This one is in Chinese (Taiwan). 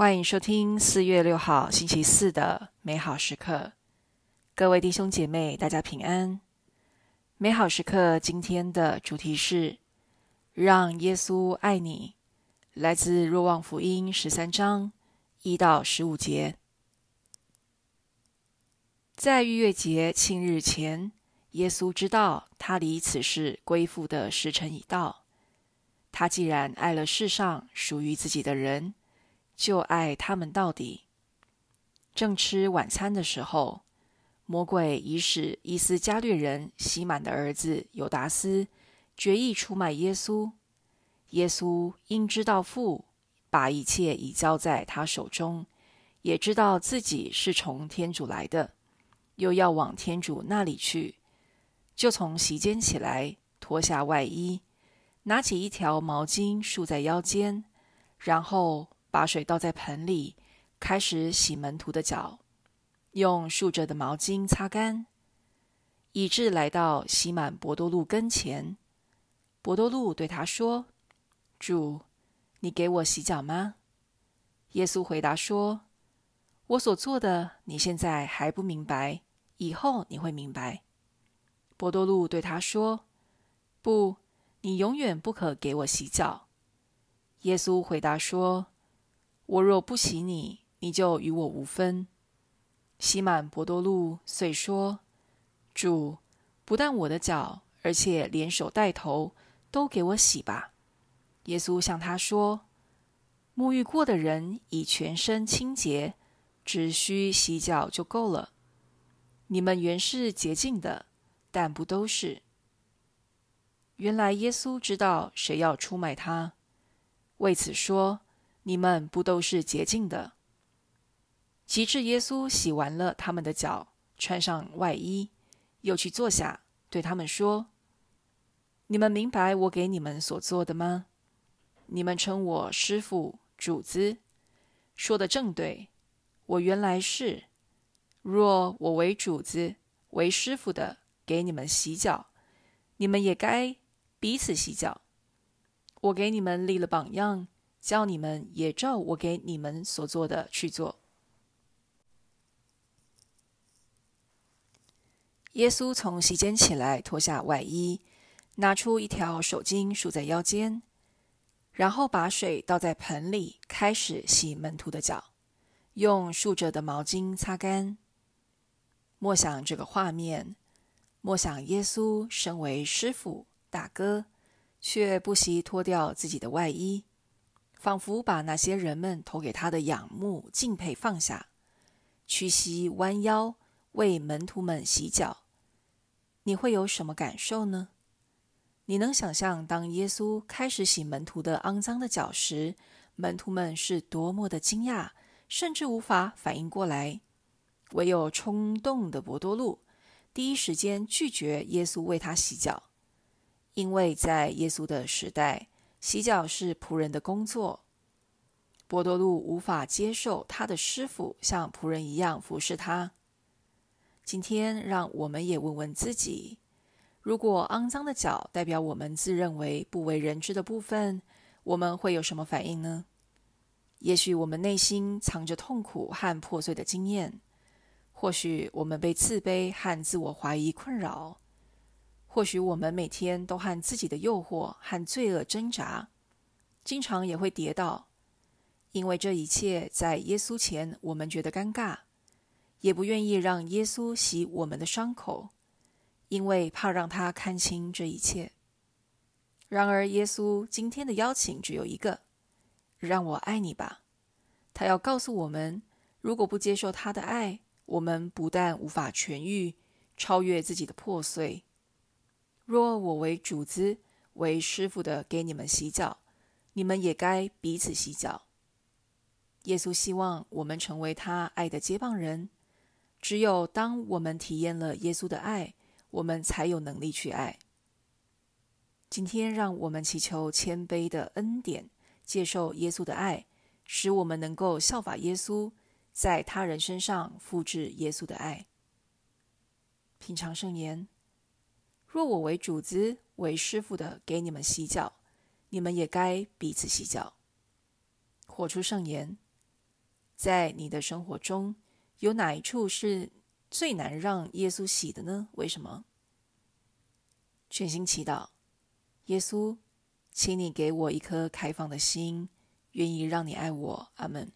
歡迎收聽四月六號星期四的美好時刻，各位弟兄姐妹，大家平安。美好時刻今天的主題是讓耶穌愛你，來自若望福音十三章一到十五節。在逾越節慶日前，耶穌知道他離此世歸父的時辰已到。他既然愛了世上屬於自己的人。就愛他們到底。正吃晚餐的時候，魔鬼已使伊斯加略人西滿的兒子猶達斯決意出賣耶穌。耶穌因知道父把一切已交在他手中，也知道自己是從天主來的，又要往天主那裡去，就從席間起來，脫下外衣，拿起一條毛巾束在腰間，然後。把水倒在盆裡，開始洗門徒的腳，用豎着的毛巾擦乾，以致來到西滿伯多祿跟前。伯多祿對他說：“主，你給我洗腳嗎？”耶穌回答說：“我所做的，你現在還不明白，以後你會明白。”伯多祿對他說：“不，你永遠不可給我洗腳。”耶穌回答說。我若不洗你，你就與我無分。西滿伯多祿遂說：“主，不但我的腳，而且連手帶頭都給我洗吧。”耶穌向他說：“沐浴過的人已全身清潔，只需洗腳就夠了。你們原是潔淨的，但不都是。”原來耶穌知道誰要出賣他，為此說。你們不都是潔淨的？及至耶穌洗完了他們的腳，穿上外衣，又去坐下，對他們說：“你們明白我給你們所做的嗎？你們稱我師傅、主子，說的正對。我原來是。若我為主子、為師傅的，給你們洗腳，你們也該彼此洗腳。我給你們立了榜樣。”叫你們也照我給你們所做的去做。耶穌從席間起來，脫下外衣，拿出一條手巾，束在腰間，然後把水倒在盆裡，開始洗門徒的腳，用束着的毛巾擦乾。默想這個畫面，默想耶穌身為師傅、大哥，卻不惜脫掉自己的外衣。仿佛把那些人們投給他的仰慕敬佩放下，屈膝彎腰為門徒們洗腳，你會有什麼感受呢？你能想象當耶穌開始洗門徒的骯髒的腳時，門徒們是多麼的驚訝，甚至無法反應過來，唯有衝動的伯多祿第一時間拒絕耶穌為他洗腳，因為在耶穌的時代。洗腳是僕人的工作。伯多祿無法接受他的師傅像僕人一樣服侍他。今天，讓我們也問問自己：如果骯髒的腳代表我們自認為不為人知的部分，我們會有什麼反應呢？也許我們內心藏着痛苦和破碎的經驗；或許我們被自卑和自我懷疑困擾。或許我們每天都和自己的誘惑和罪惡掙扎，經常也會跌倒，因為這一切在耶穌前，我們覺得尷尬，也不願意讓耶穌洗我們的傷口，因為怕讓他看清這一切。然而，耶穌今天的邀請只有一個，讓我愛你吧。他要告訴我們，如果不接受他的愛，我們不但無法痊癒，超越自己的破碎。若我為主子、為師傅的給你們洗腳，你們也該彼此洗腳。耶穌希望我們成為他愛的接棒人。只有當我們體驗了耶穌的愛，我們才有能力去愛。今天，讓我們祈求謙卑的恩典，接受耶穌的愛，使我們能夠效法耶穌，在他人身上複制耶穌的愛。品嘗聖言。若我為主子、為師父的給你們洗腳，你們也該彼此洗腳。活出聖言，在你的生活中，有哪一處是最難讓耶穌洗的呢？為什麼？全心祈禱，耶穌，請你給我一顆開放的心，願意讓你愛我。阿門。